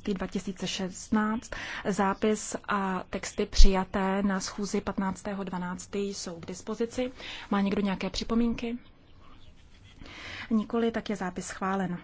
2016. Zápis a texty přijaté na schůzi 15.12. jsou k dispozici. Má někdo nějaké připomínky? Nikoli, tak je zápis schválen.